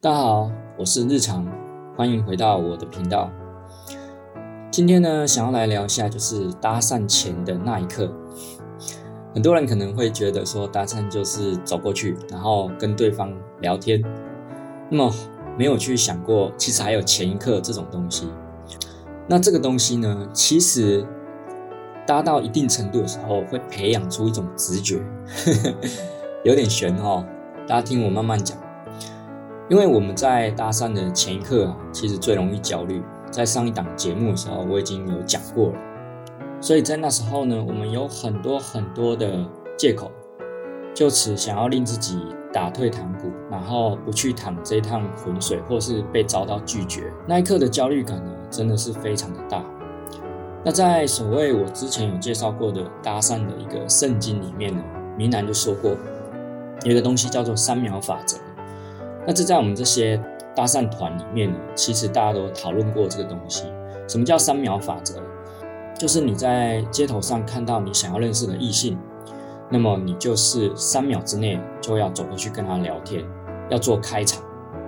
大家好，我是日常，歡迎回到我的頻道。今天呢，想要來聊一下，就是搭訕前的那一刻。很多人可能會覺得說，搭訕就是走過去，然後跟對方聊天。那麼，沒有去想過，其實還有前一刻這種東西。那這個東西呢，其實搭到一定程度的時候，會培養出一種直覺，呵呵有點玄哦。大家聽我慢慢講，因為我們在搭訕的前一刻啊，其實最容易焦慮。在上一檔節目的時候，我已經有講過了，所以在那時候呢，我們有很多很多的借口，就此想要令自己。打退堂鼓，然後不去趟這一趟渾水，或是被遭到拒絕，那一刻的焦慮感呢，真的是非常的大。那在所謂我之前有介紹過的搭訕的一個聖經裡面呢，明蘭就說過，有一個東西叫做三秒法則。那這在我們這些搭訕團裡面呢，其實大家都討論過這個東西。什麼叫三秒法則？就是你在街頭上看到你想要認識的異性，那麼你就是三秒之內就要走過去跟他聊天，要做開場，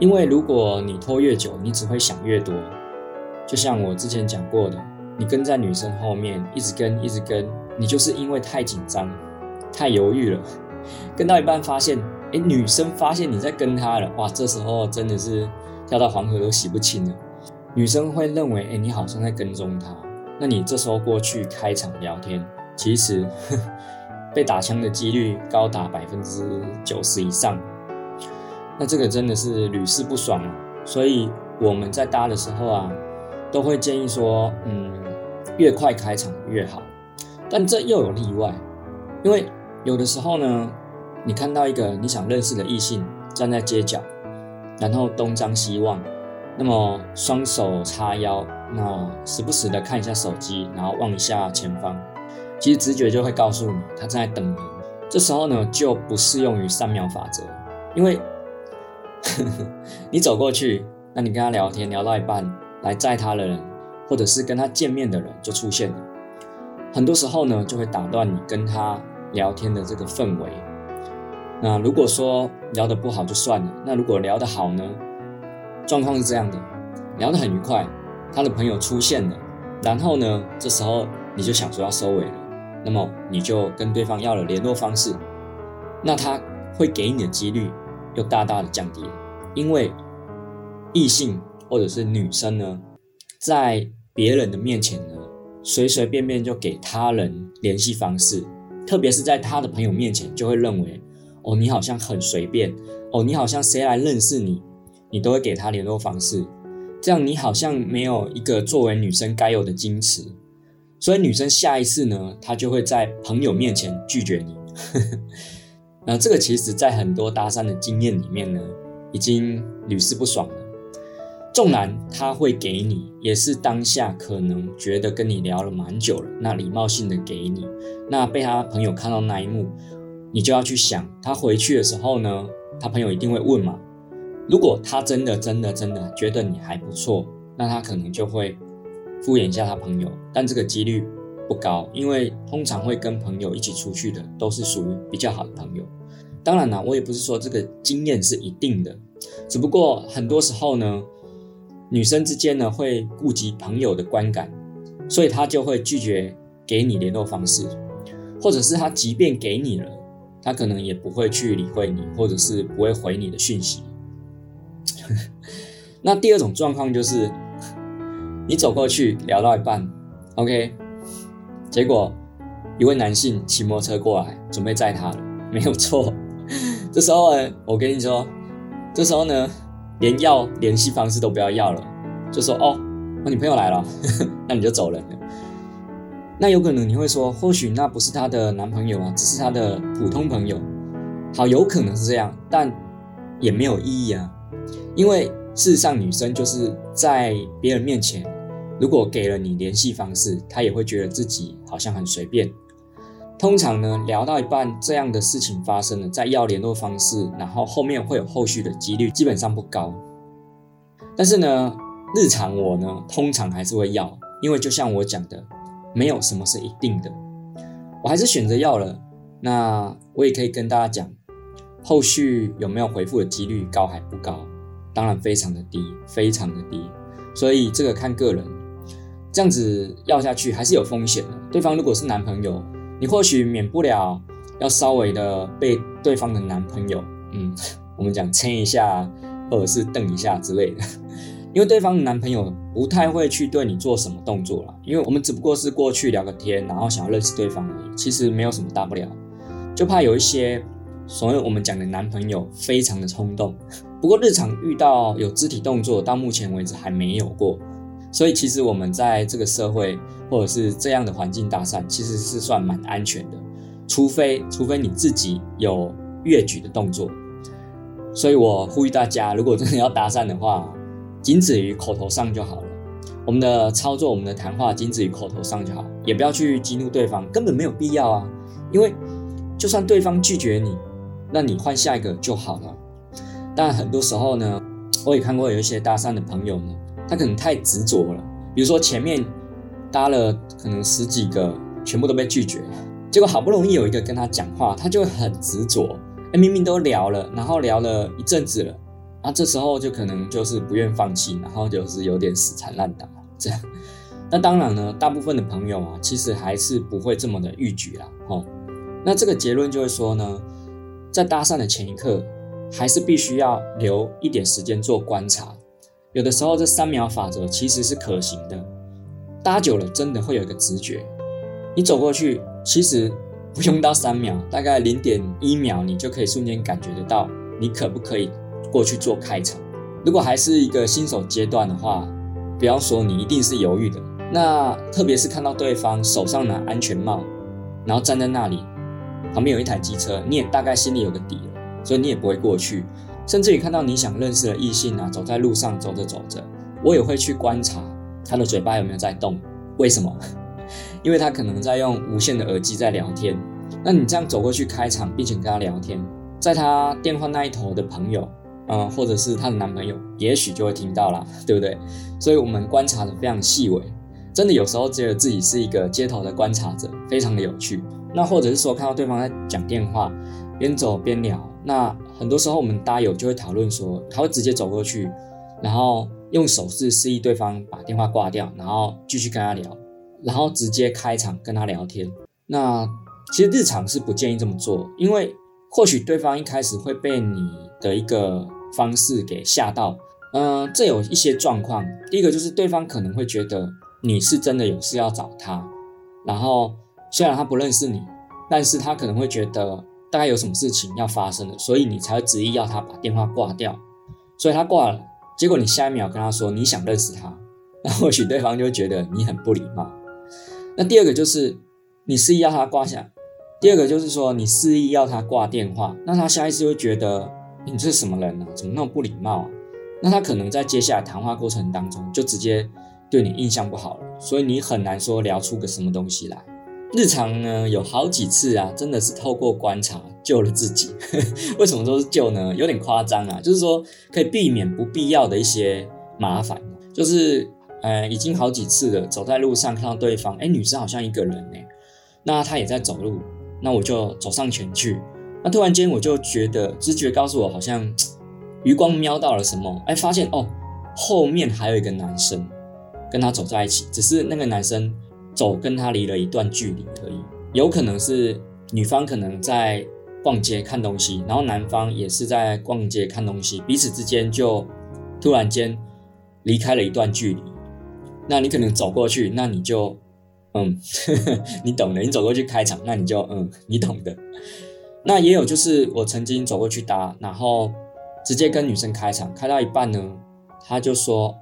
因為如果你拖越久，你只會想越多。就像我之前講過的，你跟在女生後面一直跟一直跟，你就是因為太緊張、太猶豫了。跟到一半發現，誒，女生發現你在跟她了，哇，這時候真的是跳到黃河都洗不清了。女生會認為，誒，你好像在跟蹤她。那你這時候過去開場聊天，其實。呵呵被打槍的幾率高達百分之九十以上，那這個真的是屢試不爽啊！所以我們在搭的時候啊，都會建議說，嗯，越快開場越好。但這又有例外，因為有的時候呢，你看到一個你想認識的異性站在街角，然後東張西望，那麼雙手叉腰，那時不時的看一下手機，然後望一下前方。其實直覺就會告訴你，他正在等你。這時候呢，就不適用於三秒法則，因為呵呵你走過去，那你跟他聊天聊到一半，來載他的人，或者是跟他見面的人就出現了。很多時候呢，就會打斷你跟他聊天的這個氛圍。那如果說聊得不好就算了，那如果聊得好呢，狀況是這樣的：聊得很愉快，他的朋友出現了，然後呢，這時候你就想說要收尾了。那麼你就跟對方要了聯絡方式，那他會給你的幾率又大大的降低，因為異性或者是女生呢，在別人的面前呢，隨隨便便就給他人聯繫方式，特別是在他的朋友面前，就會認為哦，你好像很隨便，哦，你好像誰來認識你，你都會給他聯絡方式，這樣你好像沒有一個作為女生該有的矜持。所以女生下一次呢，她就會在朋友面前拒絕你。 那這個其實在很多搭訕的經驗裡面呢，已經屢試不爽了。縱然他會給你，也是當下可能覺得跟你聊了蠻久了，那禮貌性的給你。那被他朋友看到那一幕，你就要去想，他回去的時候呢，他朋友一定會問嘛。如果他真的真的真的覺得你還不錯，那他可能就會。敷衍一下他朋友，但這個幾率不高，因為通常會跟朋友一起出去的都是屬於比較好的朋友。當然了啊，我也不是說這個經驗是一定的，只不過很多時候呢，女生之間呢會顧及朋友的觀感，所以她就會拒絕給你聯絡方式，或者是她即便給你了，她可能也不會去理會你，或者是不會回你的訊息。 那第二種狀況就是。你走過去聊到一半，OK，結果一位男性騎摩托車過來，準備載她了，沒有錯。這時候呢，我跟你說，這時候呢，連要聯繫方式都不要要了，就說哦，我、哦、女朋友來了， 那你就走人了。那有可能你會說，或許那不是她的男朋友啊，只是她的普通朋友。好，有可能是這樣，但也沒有意義啊，因為事實上女生就是在別人面前。如果給了你聯繫方式，他也會覺得自己好像很隨便。通常呢，聊到一半這樣的事情發生了，再要聯絡方式，然後後面會有後續的幾率基本上不高。但是呢，日常我呢通常還是會要，因為就像我講的，沒有什麼是一定的。我還是選擇要了。那我也可以跟大家講，後續有沒有回復的幾率高還不高，當然非常的低，非常的低。所以這個看個人。這樣子要下去還是有風險的。對方如果是男朋友，你或許免不了要稍微的被對對方的男朋友，嗯，我們講蹭一下，或者是瞪一下之類的。因為對方的男朋友不太會去對你做什麼動作啦，因為我們只不過是過去聊個天，然後想要認識對方而已，其實沒有什麼大不了。就怕有一些所謂我們講的男朋友非常的衝動。不過日常遇到有肢體動作，到目前為止還沒有過。所以其實我們在這個社會，或者是這樣的環境搭訕，其實是算蠻安全的，除非除非你自己有逾矩的動作。所以我呼籲大家，如果真的要搭訕的話，僅止於口頭上就好了。我們的操作，我們的談話，僅止於口頭上就好，也不要去激怒對方，根本沒有必要啊。因為就算對方拒絕你，那你換下一個就好了。但很多時候呢，我也看過有一些搭訕的朋友呢。他可能太執着了，比如說前面搭了可能十幾個，全部都被拒絕了，結果好不容易有一個跟他講話，他就很執着。明明都聊了，然後聊了一陣子了，啊，這時候就可能就是不願放棄，然後就是有點死纏爛打這樣。那當然呢，大部分的朋友啊，其實還是不會這麼的逾矩啦，吼、哦。那這個結論就是說呢，在搭訕的前一刻，還是必須要留一點時間做觀察。有的時候，這三秒法則其實是可行的。搭久了，真的會有一個直覺。你走過去，其實不用到三秒，大概零點一秒，你就可以瞬間感覺得到，你可不可以過去做開場。如果還是一個新手階段的話，不要說你一定是猶豫的。那特別是看到對方手上拿安全帽，然後站在那裡，旁邊有一台機車，你也大概心裡有個底了，所以你也不會過去。甚至於看到你想認識的異性啊，走在路上走着走着，我也會去觀察他的嘴巴有沒有在動，為什麼？因為他可能在用無線的耳機在聊天。那你這樣走過去開場，並且跟他聊天，在他電話那一頭的朋友，嗯、呃，或者是他的男朋友，也許就會聽到了，對不對？所以我們觀察得非常細微，真的有時候覺得自己是一個街頭的觀察者，非常的有趣。那或者是說看到對方在講電話，邊走邊聊，那。很多時候我們搭友就會討論說，他會直接走過去，然後用手勢示意對方把電話掛掉，然後繼續跟他聊，然後直接開場跟他聊天。那其實日常是不建議這麼做，因為或許對方一開始會被你的一個方式給嚇到。嗯、呃，這有一些狀況，第一個就是對方可能會覺得你是真的有事要找他，然後雖然他不認識你，但是他可能會覺得。大概有什麼事情要發生了，所以你才會執意要他把電話掛掉，所以他掛了。結果你下一秒跟他說你想認識他，那或許對方就會覺得你很不禮貌。那第二個就是你示意要他掛下，第二個就是說你示意要他掛電話，那他下一次就會覺得你是什麼人呢？啊，怎麼那麼不禮貌啊！那他可能在接下來談話過程當中就直接對你印象不好了，所以你很難說聊出個什麼東西來。日常呢，有好幾次啊，真的是透過觀察救了自己。 為什麼說是救呢？有點誇張啊，就是說可以避免不必要的一些麻煩。就是呃，已經好幾次了，走在路上看到對方，哎、欸，女生好像一個人哎、欸，那她也在走路，那我就走上前去。那突然間我就覺得直覺告訴我，好像餘光瞄到了什麼，哎、欸，發現哦，後面還有一個男生跟她走在一起，只是那個男生。走跟他離了一段距離而已，有可能是女方可能在逛街看東西，然後男方也是在逛街看東西，彼此之間就突然間離開了一段距離。那你可能走過去，那你就嗯， 你懂的。你走過去開場，那你就嗯，你懂的。那也有就是我曾經走過去搭，然後直接跟女生開場，開到一半呢，他就說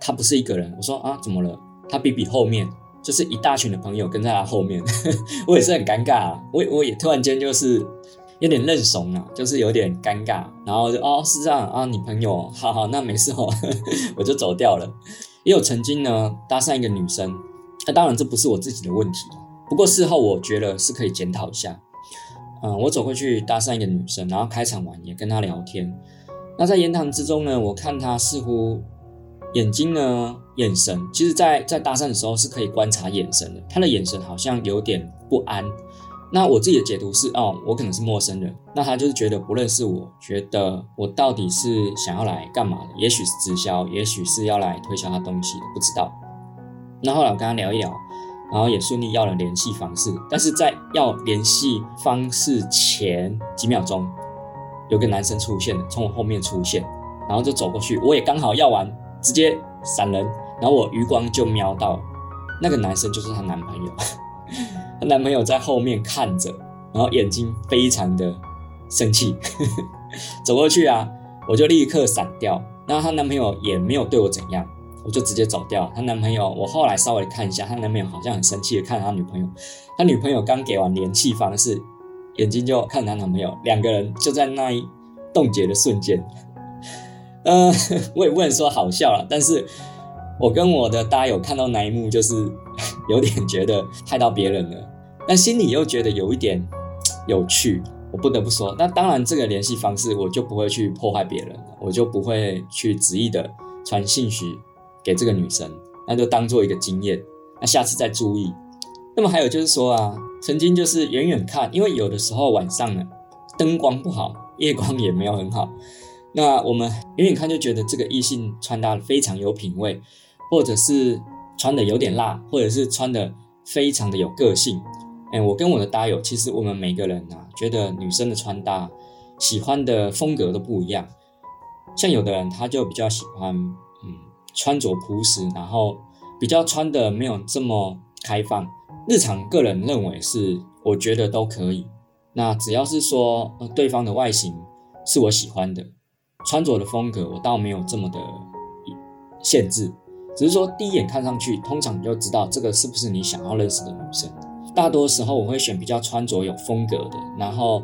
他不是一個人。我說啊，怎麼了？他比比後面。就是一大群的朋友跟在他後面， 我也是很尷尬、啊，我我也突然間就是有點認慫了、啊，就是有點尷尬，然後就哦是這樣啊，你朋友，好好。那沒事哦， 我就走掉了。也有曾經呢搭訕一個女生，那、啊、當然這不是我自己的問題，不過事後我覺得是可以檢討一下。嗯，我走過去搭訕一個女生，然後開場完也跟她聊天，那在言談之中呢，我看她似乎，眼睛呢？眼神其實在，在在搭訕的時候是可以觀察眼神的。他的眼神好像有點不安。那我自己的解讀是，哦，我可能是陌生人。那他就是覺得不認識我，覺得我到底是想要來幹嘛的？也許是直銷，也許是要來推銷他東西的，不知道。那後來我跟他聊一聊，然後也順利要了聯繫方式。但是在要聯繫方式前幾秒鐘，有個男生出現了，從我後面出現，然後就走過去。我也剛好要完。直接閃人，然後我餘光就瞄到，那個男生就是她男朋友，她 男朋友在後面看着，然後眼睛非常的生氣， 走過去啊，我就立刻閃掉，然後她男朋友也沒有對我怎樣，我就直接走掉了。她男朋友我後來稍微看一下，她男朋友好像很生氣的看着她女朋友，她女朋友剛給完聯繫方式，眼睛就看她男朋友，兩個人就在那一凍結的瞬間。呃，我也不能說好笑了，但是我跟我的搭友看到那一幕，就是有點覺得害到別人了，但心裡又覺得有一點有趣，我不得不說。那當然，這個聯繫方式我就不會去破壞別人了，我就不會去執意的傳信息給這個女生，那就當做一個經驗，那下次再注意。那麼還有就是說啊，曾經就是遠遠看，因為有的時候晚上呢燈光不好，夜光也沒有很好。那我們遠遠看就覺得這個異性穿搭非常有品味，或者是穿的有點辣，或者是穿的非常的有個性。哎、欸，我跟我的搭友，其實我們每個人啊，覺得女生的穿搭喜歡的風格都不一樣。像有的人他就比較喜歡，嗯，穿着樸實，然後比較穿的沒有這麼開放。日常個人認為是，我覺得都可以。那只要是說對方的外形是我喜歡的。穿着的風格，我倒沒有這麼的限制，只是說第一眼看上去，通常你就知道這個是不是你想要認識的女生。大多時候我會選比較穿着有風格的，然後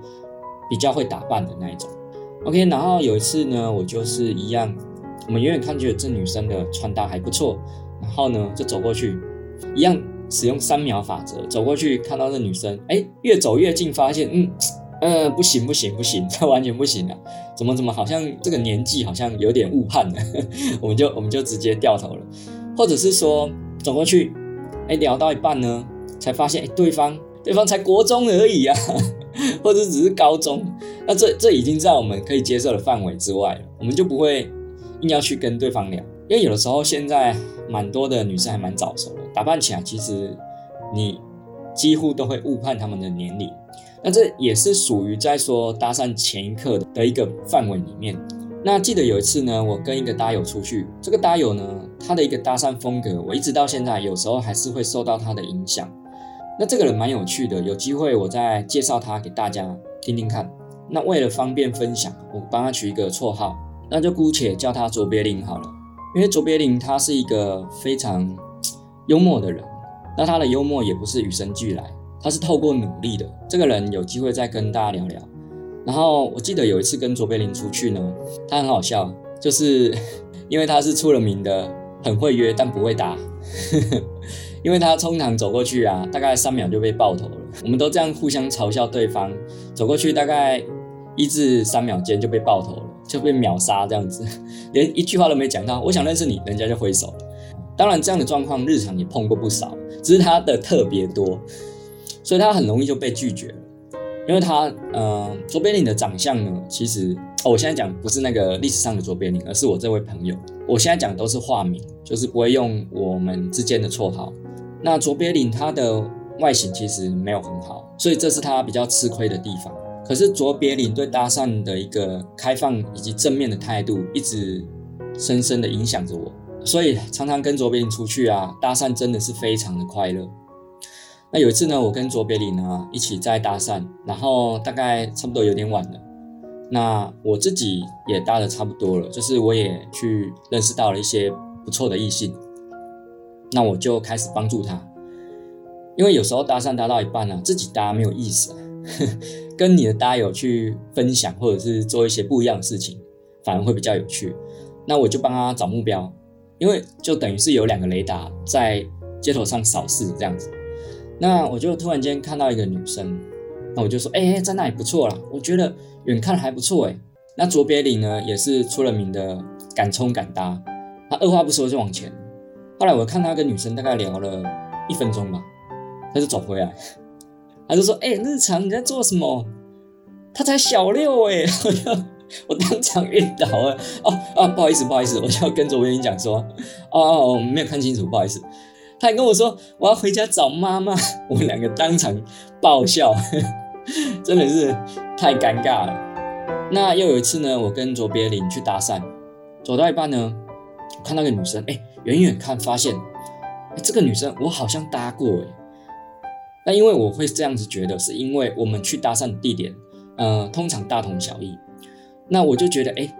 比較會打扮的那一種。OK，然後有一次呢，我就是一樣，我們遠遠看覺得這女生的穿搭還不錯，然後呢就走過去，一樣使用三秒法則走過去，看到這女生，誒，越走越近，發現，嗯。嗯、呃，不行不行不行，這完全不行啊！怎麼怎麼好像這個年紀好像有點誤判了，我們就我們就直接掉頭了，或者是說走過去，哎聊到一半呢，才發現哎對方對方才國中而已啊，或者只是高中，那這這已經在我們可以接受的範圍之外了，我們就不會硬要去跟對方聊，因為有的時候現在蠻多的女生還蠻早熟的，打扮起來其實你幾乎都會誤判他們的年齡。那這也是屬於在說搭訕前一刻的一個範圍裡面。那記得有一次呢，我跟一個搭友出去，這個搭友呢，他的一個搭訕風格，我一直到現在，有時候還是會受到他的影響。那這個人蠻有趣的，有機會我再介紹他給大家聽聽看。那為了方便分享，我幫他取一個綽號，那就姑且叫他卓別林好了，因為卓別林他是一個非常幽默的人，那他的幽默也不是與生俱來。他是透過努力的這個人，有機會再跟大家聊聊。然後我記得有一次跟卓別林出去呢，他很好笑，就是因為他是出了名的很會約，但不會搭。 因為他通常走過去啊，大概三秒就被爆頭了。我們都這樣互相嘲笑對方，走過去大概一至三秒間就被爆頭了，就被秒殺這樣子，連一句話都沒講到。我想認識你，人家就揮手了。當然這樣的狀況日常也碰過不少，只是他的特別多。所以他很容易就被拒絕了，因為他，呃，卓別林的長相呢，其實，哦，我現在講不是那個歷史上的卓別林，而是我這位朋友，我現在講都是化名，就是不會用我們之間的綽號。那卓別林他的外形其實沒有很好，所以這是他比較吃虧的地方。可是卓別林對搭訕的一個開放以及正面的態度，一直深深的影響着我，所以常常跟卓別林出去啊，搭訕真的是非常的快樂。那有一次呢，我跟卓別林呢一起在搭訕，然後大概差不多有點晚了。那我自己也搭的差不多了，就是我也去認識到了一些不錯的異性。那我就開始幫助他，因為有時候搭訕搭到一半啊，自己搭沒有意思，呵呵跟你的搭友去分享或者是做一些不一樣的事情，反而會比較有趣。那我就幫他找目標，因為就等於是有兩個雷達在街頭上掃視這樣子。那我就突然間看到一個女生，那我就說，哎、欸，在那裡不錯啦，我覺得遠看還不錯哎、欸。那卓別林呢，也是出了名的敢衝敢搭，他二話不說就往前。後來我看他跟女生大概聊了一分鐘吧，他就走回來，他就說，哎、欸，日常你在做什麼？他才小六哎、欸， 我當場暈倒了。哦哦、啊，不好意思不好意思，我就要跟卓別林講說，哦哦，啊、我沒有看清楚，不好意思。他跟我說：“我要回家找媽媽。”我們兩個當場爆笑呵呵，真的是太尷尬了。那又有一次呢，我跟卓別林去搭訕，走到一半呢，看到一個女生，哎，遠遠看發現，哎，這個女生我好像搭過哎。那因為我會這樣子覺得，是因為我們去搭訕的地點，呃，通常大同小異。那我就覺得，哎，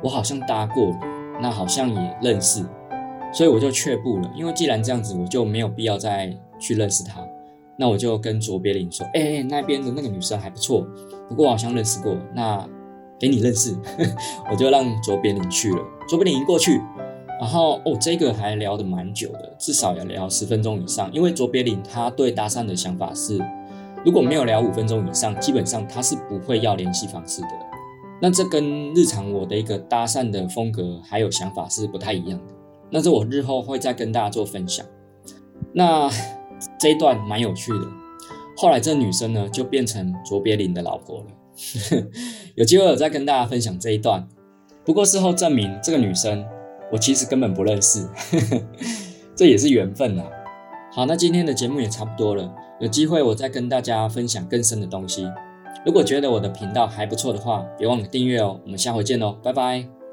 我好像搭過了，那好像也認識。所以我就卻步了，因為既然這樣子，我就沒有必要再去認識他。那我就跟卓別林說：“哎、欸、那邊的那個女生還不錯，不過我好像認識過，那給你認識。 ”我就讓卓別林去了。卓別林一過去，然後哦，這個還聊得蠻久的，至少要聊十分鐘以上。因為卓別林他對搭訕的想法是，如果沒有聊五分鐘以上，基本上他是不會要聯繫方式的。那這跟日常我的一個搭訕的風格還有想法是不太一樣的。那這我日後會再跟大家做分享。那這一段蠻有趣的。後來這女生呢就變成卓別林的老婆了。 有機會我再跟大家分享這一段。不過事後證明，這個女生我其實根本不認識， 這也是緣分啊。好，那今天的節目也差不多了。有機會我再跟大家分享更深的東西。如果覺得我的頻道還不錯的話，別忘了訂閱哦。我們下回見嘍，拜拜。